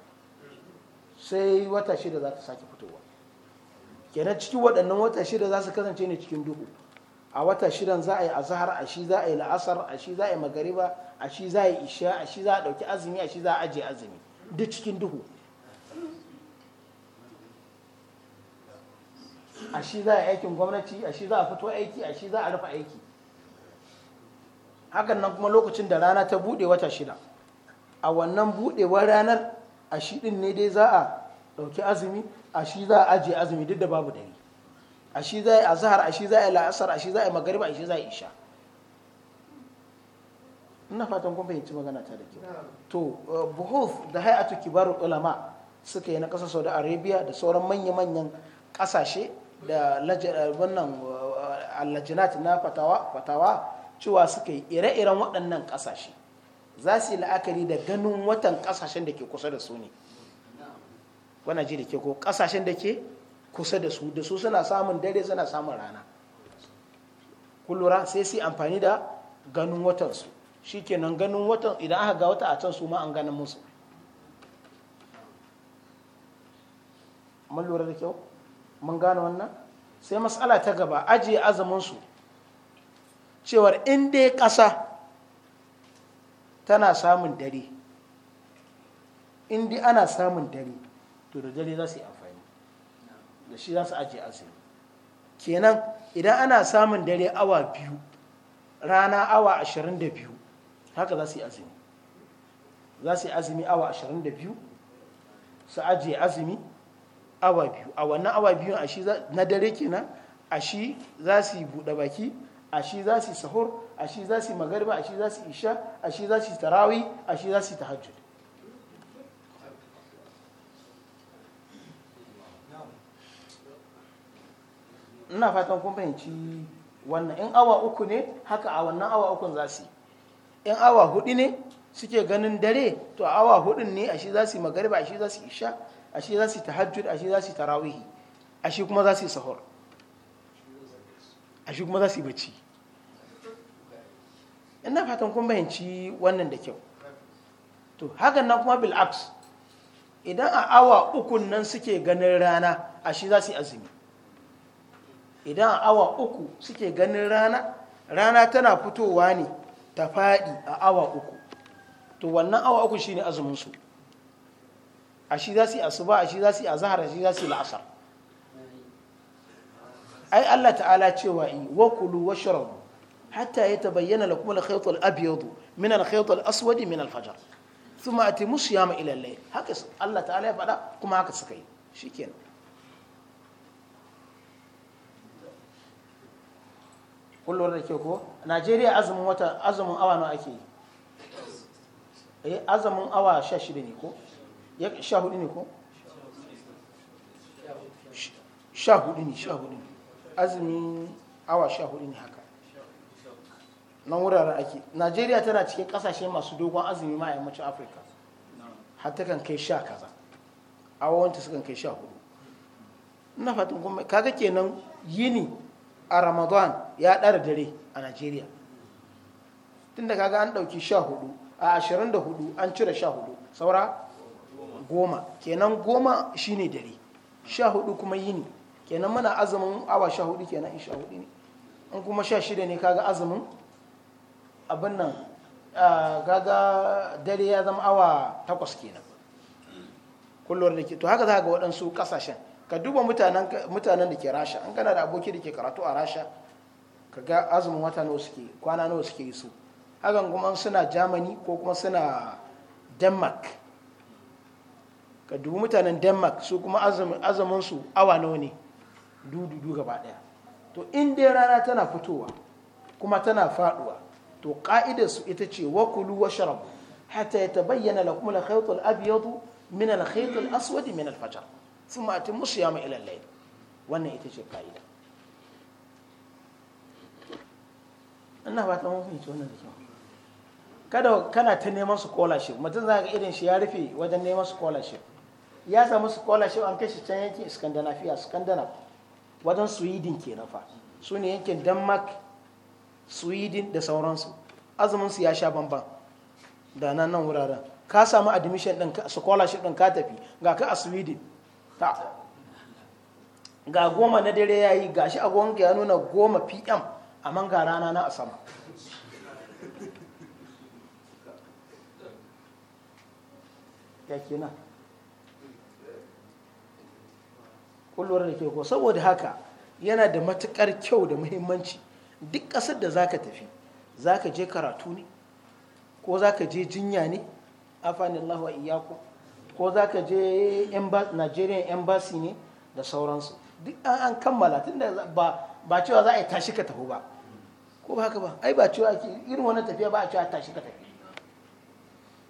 sai wata shida za ta sake fitowa kenan cikin waɗannan wata shida za su kasance ne cikin duhu a wata shidan za a yi azahar a shi za a yi la'asar a shi za a yi magariba a shi za a yi isha a shi za a ɗauki azumi a shi za a ajiye azumi duk cikin duhu a shi za a aikin gwamnati a shi za a fito aiki a shi za a rufe aiki hakan nan kuma lokacin da rana ta bude wata shida a wannan budewar ranar a shi ɗin ne dai za a ɗauki azumi a shi za a ajiye azumi duk da babu dare a shi za a yi a shi za a la'asar a shi za a magariba a shi za a isha ina fatan kun fahimci magana ta da kyau to uh, buhuf da hay'atu kibarul ulama suka yi na ƙasar saudi arabia da sauran manya-manyan ƙasashe da uh, wannan uh, allajinat na fatawa cewa suka yi ire-iren waɗannan ƙasashe za su yi la'akari da ganin watan ƙasashen da ke kusa da su ne wana ji da ke ko ƙasashen da ke kusa da su da su suna samun dare suna samun rana kullura sai su yi amfani da ganin watansu shikenan ganin watan idan aka ga wata a can su ma an ganin musu mun lura da kyau mun gane wannan sai matsala ta gaba ajiye azumin su cewar in dai ƙasa tana samun dare in dai ana samun dare to da dare za su yi amfani da shi za su ajiye azumi kenan idan ana samun dare awa biyu rana awa ashirin da biyu haka za su yi azumi za su yi azumi awa 22 su ajiye azumi awa biyu a wannan awa biyu a shi na dare kenan a shi za su yi buɗe baki a shi za su yi sahur a shi za su yi magariba a shi za su yi isha a shi za su yi tarawi a shi za su yi tahajjud ina fatan kun fahimci wannan in awa uku ne haka a wannan awa ukun za su yi in awa hudu ne suke ganin dare to a awa hudu ne ashe za su yi magariba ashe za su isha ashe za su yi tahajjud ashe za su yi tarawihi ashe kuma za su yi sahur ashe kuma za su yi bacci ina fatan kun bayanci wannan da kyau to hakan na kuma bil aks? idan a awa uku nan suke ganin rana ashe za su yi azumi idan a awa uku suke ganin rana rana tana fitowa ne ta faɗi a awa uku to wannan awa uku shine azumin su a shi za su yi asuba a shi za su yi azahar a shi za su yi la'asar ai Allah ta'ala cewa in wa kulu wa shrabu hatta yata bayyana al-khayt abiyadu abyad min al aswadi min alfajar fajr thumma atimu siyama ila haka Allah ta'ala ya faɗa kuma haka suka yi shikenan kullum da ke ko najeriya azumin wata azumin awa na ake yi eh azumin awa sha shida ne ko ya sha hudu ne ko sha hudu ne sha hudu ne azumin awa sha hudu ne haka nan wuraren ake najeriya tana cikin kasashe masu dogon azumi ma a yammacin afirka hatta kan kai sha kaza awawanta su kan kai sha hudu na fatan kuma kaga kenan yini a ramadan ya ɗara dare a nigeria tun da kaga an ɗauki sha hudu a ashirin da hudu an cire sha hudu saura goma kenan goma shine dare sha hudu kuma yini kenan muna azumin awa sha hudu kenan in sha hudu ne in kuma sha shida ne kaga azumin abin nan dare ya zama awa takwas kenan kullum da ke to haka za ga waɗansu ƙasashen ka duba mutanen da ke rasha an gana da aboki da ke karatu a rasha ka ga azumin wata nawa suke kwana nawa suke yi su hakan kuma suna germany ko kuma suna denmark ka dubi mutanen denmark su kuma azumin su awa nawa ne dududu gaba daya to in dai rana tana fitowa kuma tana faduwa to ka'idar su ita ce wa kulu wa sharabu hatta ya tabayyana lakum al-khayt al-abyad min al-khayt min al-fajr thumma atimmu siyama ila al wannan ita ce ka'ida ina ba ta mafi fahimci wannan da kyau kada kana ta neman scholarship mutum za ka irin shi ya rufe wajen neman scholarship ya samu scholarship an kai shi can yankin scandinavia scandinav wajen sweden ke fa su ne yankin denmark sweden da sauransu azumin su ya sha bamban da nan nan wuraren ka samu admission din scholarship din ka tafi ga ka a sweden ta ga goma na dare ya yi gashi agogonka ya nuna goma pm a manga rana na a sama ya kullum da ke ko saboda haka yana da matukar kyau da muhimmanci duk ƙasar da zaka tafi zaka je karatu ne ko zaka je jinya ne afanin lahwa ko za ka je nigerian embassy ne da sauransu duk an kammala tun da ba cewa za a yi tashi ka tafi ba ko ba haka ba ai ba cewa ake irin wani tafiya ba a cewa tashi ka tafi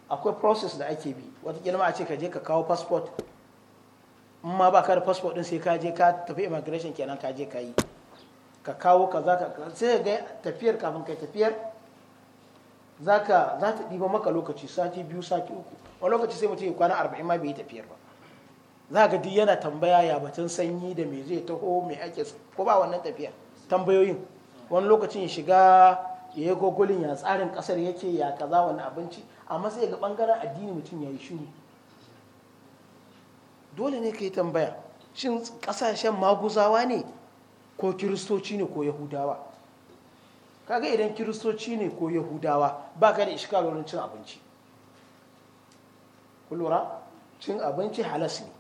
akwai process da ake bi watakila ma a ce ka je ka kawo passport in ma ba ka da passport din sai ka je ka tafi immigration kenan ka je ka yi ka kawo ka sai ga tafiyar kafin kai tafiyar za ta ɗiba maka lokaci sati biyu sati uku wani lokaci sai mutum ya kwana arba'in ma bai yi tafiyar ba za ka duk yana tambaya ya batun sanyi da mai zai taho mai ake ko ba wannan tafiyar tambayoyin wani lokacin ya shiga ya yi gogolin ya tsarin kasar yake ya kaza wani abinci amma sai ga ɓangaren addini mutum ya yi shiru dole ne ka yi tambaya shin ƙasashen maguzawa ne ko kiristoci ne ko yahudawa kaga idan kiristoci ne ko yahudawa ba ka da iskal wurin cin abinci kulura cin abinci halas ne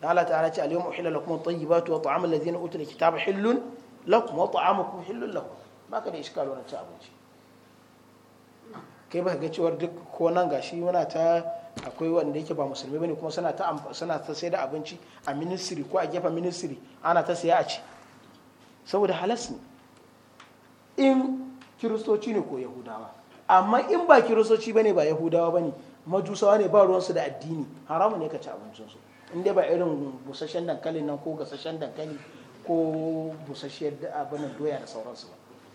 da ala ta'ala ce al-yawma uhilla tayyibatu wa ta'amul ladzina utul kitaba hillun lakum wa ta'amukum hillun lakum ba ka da iskal wurin cin abinci kai ba ga cewar duk ko nan gashi muna ta akwai wanda yake ba musulmi bane kuma suna ta sana ta sai da abinci a ministry ko a gefa ministry ana ta saya a ci saboda halas ne in kiristoci ne ko yahudawa amma in ba kiristoci bane ba yahudawa ne majusawa ne ba ruwansu da addini haramun ne ka ci abincin su in dai ba irin busasshen dankalin nan ko gasasshen dankali ko busasshiyar abinan doya da sauransu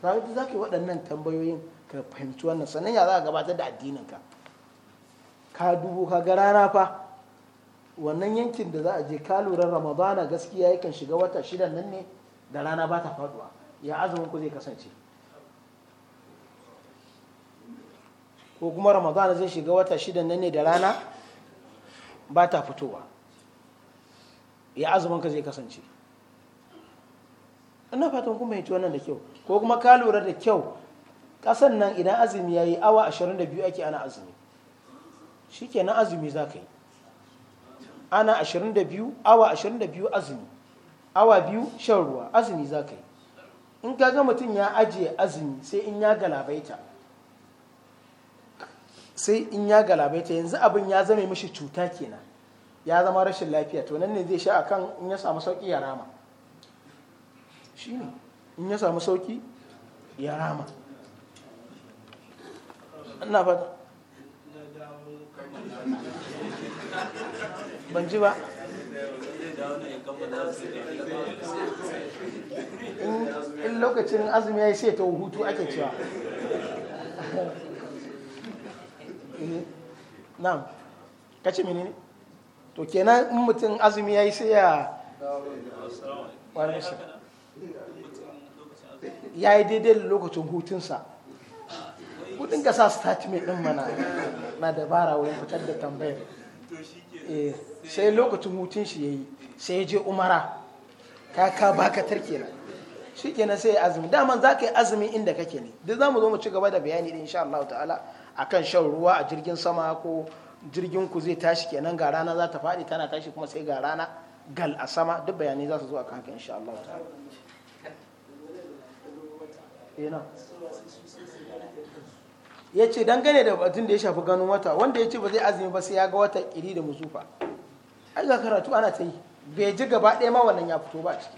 ba za za ka yi waɗannan tambayoyin ka fahimci wannan sannan ya za ka gabatar da addininka ka dubo ka ga rana fa wannan yankin da za a je ka lura ramadana gaskiya yakan shiga wata shida nan ne da rana ba ta faduwa ya azumin ku zai kasance ko kuma ramadana zai shiga wata shida nan ne da rana ba ta fitowa ya azumin ka zai kasance ina fatan kuma yi ci da kyau ko kuma ka lura da kyau kasan nan idan azumi ya yi awa 22 ake ana azumi shi na azumi za ka yi ana 22 awa 22 azumi awa biyu shan ruwa azumi za ka yi in ka ga mutum ya ajiye azumi sai in ya galabaita sai in ya ta yanzu abin ya zame mishi cuta kenan ya zama rashin lafiya to nan ne zai sha akan in ya samu sauki ya rama shine in ya samu sauki ya rama ina fata ban ji ba in lokacin azumi ya yi sai ta hutu ake cewa na kace menene to kenan in mutum azumi ya yi sai ya ya yi daidai da lokacin hutunsa hutun ka sa statement din mana na dabara wurin fitar da tambayar eh, sai lokacin hutun shi ya yi sai ya je umara ka ka baka tarke na shi kenan sai azumi daman za ka yi azumi inda kake ne duk za mu zo mu ci gaba da bayani din insha Allah ta'ala akan shan ruwa a jirgin sama ko jirgin ku zai tashi kenan ga rana za ta faɗi tana tashi kuma sai ga rana gal a sama duk bayanai za su zo kan haka insha Allah ta eh, ya ce dangane da batun da ya shafi ganin wata wanda ya ce ba zai azumi ba sai ya ga wata iri da musufa ai ga karatu ana ta yi bai ji gaba ɗaya ma wannan ya fito ba a ciki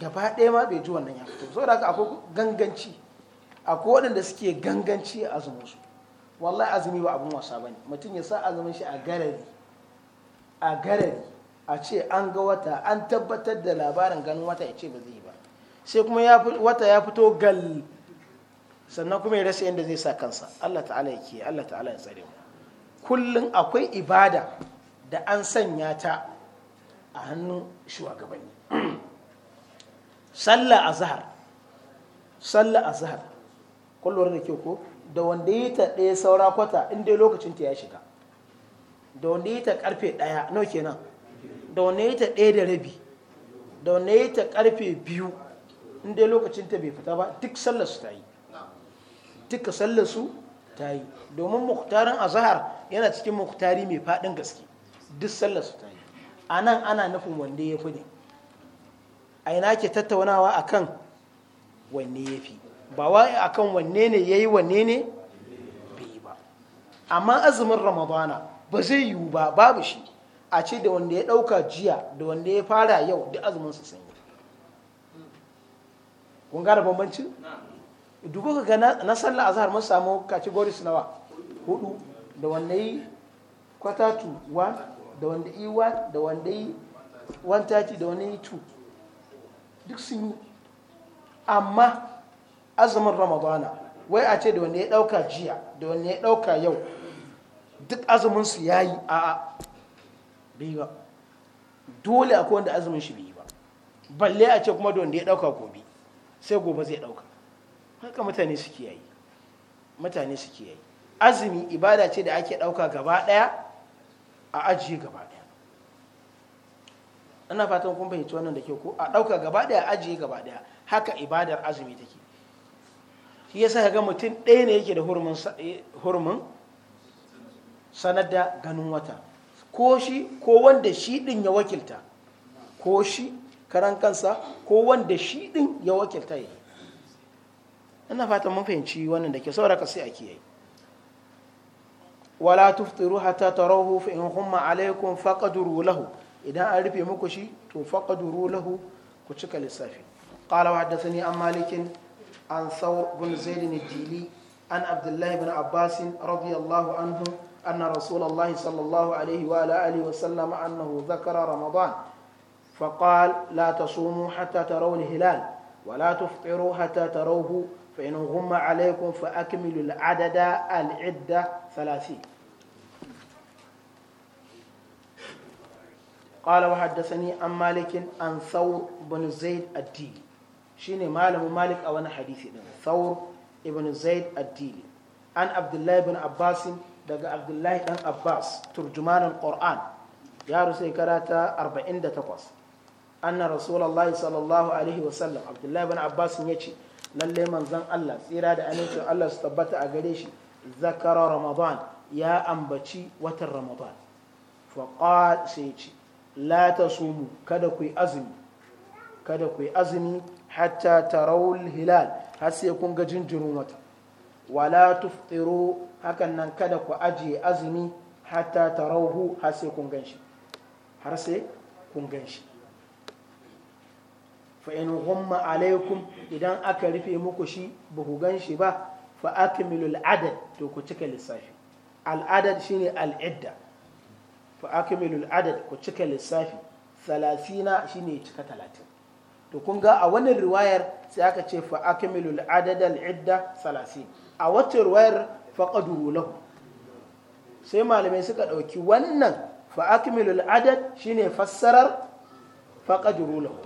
gaba ɗaya ma bai ji wannan ya fito saboda haka akwai ganganci akwai waɗanda suke ganganci a azuminsu wallahi azumi ba abin wasa ba ne mutum ya sa azumin shi a garari a garari a ce an ga wata an tabbatar da labarin ganin wata ya ce ba zai ba sai kuma wata ya fito gal sannan kuma ya rasa yadda zai sa kansa Allah ta'ala ya ke Allah ta'ala ya tsare mu kullum akwai ibada da an sanya ta a hannun shugabanni sallah azhar sallah kullum da ke ko da wanda yi ta ɗaya saura kwata in dai lokacin ta ya shiga da wanda yi ta karfe ɗaya nau kenan da wanda yi ta ɗaya da rabi da wanda yi ta karfe biyu in dai lokacin ta bai fita ba duk sallar su ta yi duka sallar su ta yi domin muhtarin azahar yana cikin muhtari mai faɗin gaske duk sallar su ta yi a nan ana nufin wanda ya fi ne a ina ke tattaunawa akan wanne ya fi ba a akan wanne ne yayi wanne ne bai yi ba amma azumin ramadana ba zai yiwu ba babu shi a ce da wanda ya dauka jiya da wanda ya fara yau duk azumin su sun yi kun da bambanci dubu ka ga na sallah azhar mun samu categories nawa hudu da wanda yi tu wa da wanda yi wa da wanda yi ci da wanda yi tu duk sun yi amma azumin ramadana wai a ce da wanda ya dauka jiya da wanda ya dauka yau duk azumin su ya yi a bai ba dole akwai wanda azumin shi bai ba balle a ce kuma da wanda ya dauka gobe sai gobe zai dauka haka mutane suke yayi mutane suke yayi azumi ibada ce da ake dauka gaba daya a ajiye gaba daya ana fatan kun fahimci wannan da ke ko a dauka gaba daya ajiye gaba daya haka ibadar azumi take shi yasa ga mutum ɗaya ne yake da eh, hurumin sanar da ganin wata ko shi ko wanda shi ɗin ya wakilta ko shi karan kansa ko wanda shi ɗin ya wakilta yi ina fatan mun fahimci wannan da ke sauraka sai a kiyaye wala tuftiru hatta tarahu fa in humma alaikum faqaduru lahu idan an rufe muku shi to faqaduru lahu ku cika lissafi qala wa haddathani an malikin عن ثور بن زيد الجيلي عن عبد الله بن عباس رضي الله عنه أن رسول الله صلى الله عليه وعلى آله وسلم أنه ذكر رمضان فقال لا تصوموا حتى تروا الهلال ولا تفطروا حتى تروه فإن غم عليكم فأكملوا العدد العدة ثلاثين قال وحدثني عن مالك عن ثور بن زيد الدين shine malamin malik a wani hadisi din thawr ibn zaid addini an abdullahi ibn abbas daga abdullahi dan abbas turjumanul qur'an ya rusa karata 48 anna rasulullahi sallallahu alaihi wasallam abdullahi ibn abbas yace lalle manzon Allah tsira da amincin Allah su tabbata a gare shi zakara ramadan ya ambaci watan ramadan faƙa sai ce la ta kada ku yi kada ku azumi hatta tarawul hilal har sai kun ga jinjirin wata wala tuftiru hakan nan kada ku ajiye azumi hatta tarawhu har sai kun ganshi har sai kun ganshi fa in humma alaikum idan aka rufe muku shi ba ku ganshi ba fa akmilul adad to ku cika lissafi al'adad shine al-idda fa akmilul adad ku cika lissafi 30 shine cika 30 to kun ga a wannan riwayar sai aka ce fa akmilu al idda 30 a wacce riwayar qaduru lahu sai malamai suka dauki wannan fa akmilu adad shine fassarar qaduru lahu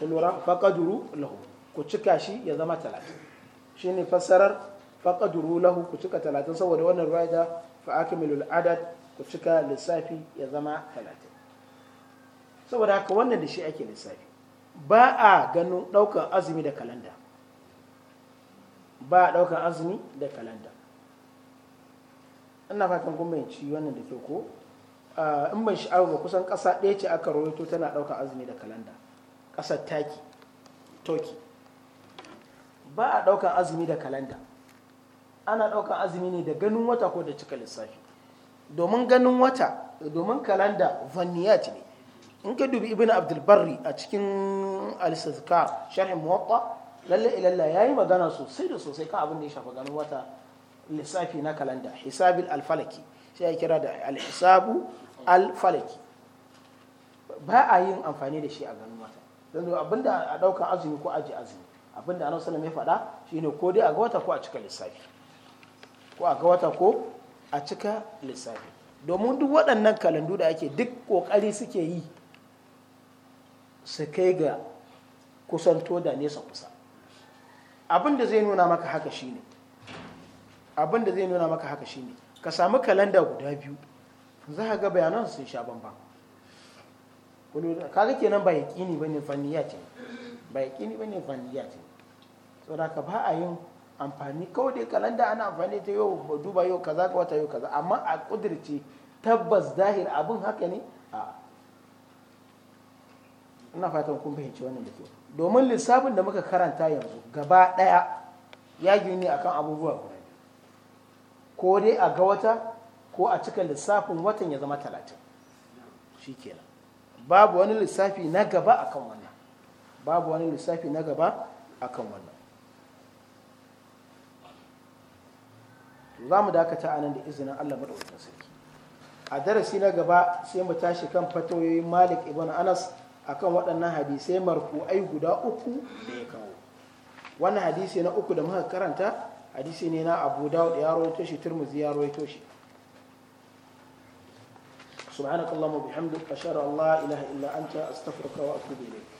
kullura qaduru lahu ku cika shi ya zama 30 shine fassarar qaduru lahu ku cika 30 saboda wannan riwaya fa akmilu adad ku cika lissafi ya zama 30 saboda haka wannan da shi ake lissafi ba a ganin ɗaukan azumi da kalanda ba a ɗaukan azumi da kalanda ina fatan kun ci wannan da ke ko in ban sha'awar ba kusan ƙasa ɗaya ce aka rawaito tana ɗaukan azumi da kalanda ƙasar taki toki ba a ɗaukan azumi da kalanda ana ɗaukan azumi ne da ganin wata ko da cika lissafi domin ganin wata domin kalanda vanniyat ne in ka dubi ibn abdulbarri a cikin al sharhin muwatta lalle ilalla yi magana sosai da sosai kan abin da ya shafa ganin wata lissafi na kalanda hisabin alfalaki sai ya kira da alhisabu alfalaki ba a yin amfani da shi a ganin wata don abin da a daukan azumi ko aji azumi da annabi sallallahu mai faɗa shine ko dai a ga wata ko a cika lissafi ko a ga wata ko a cika lissafi domin duk waɗannan kalandu da ake duk ƙoƙari suke yi su kai ga kusanto da nesa kusa abin da zai nuna maka haka shine abin da zai nuna maka haka shine ka samu kalanda guda biyu za ka ga bayanan sun sha bamban kaga kenan ba yaƙini bane fanniya ce ba yaƙini bane fanniya ce saboda ka ba a yin amfani kawai dai kalanda ana amfani ta yau duba yau kaza ka wata yau kaza amma a kudirce tabbas zahir abin haka ne a'a. ina fatan kun fahimci wannan da kyau domin lissafin da muka karanta yanzu gaba ɗaya ya gini akan abubuwa guda ko dai a ga wata ko a cika lissafin watan ya zama talatin shi kenan babu wani lissafi na gaba akan wannan babu wani lissafi na gaba akan wannan za mu dakata a nan da izinin allah maɗaukakin sarki a darasi na gaba sai mu tashi kan fatoyoyin malik ibn anas akan waɗannan hadisai ai guda uku da ya kawo wannan hadisi na uku da muka karanta hadisi ne na abu daud ya rawaito shi turmuzi ya rawaito shi subhanakallahumma bihamdika ashhadu allah ilaha illa anta astaghfiruka wa atubu ilayk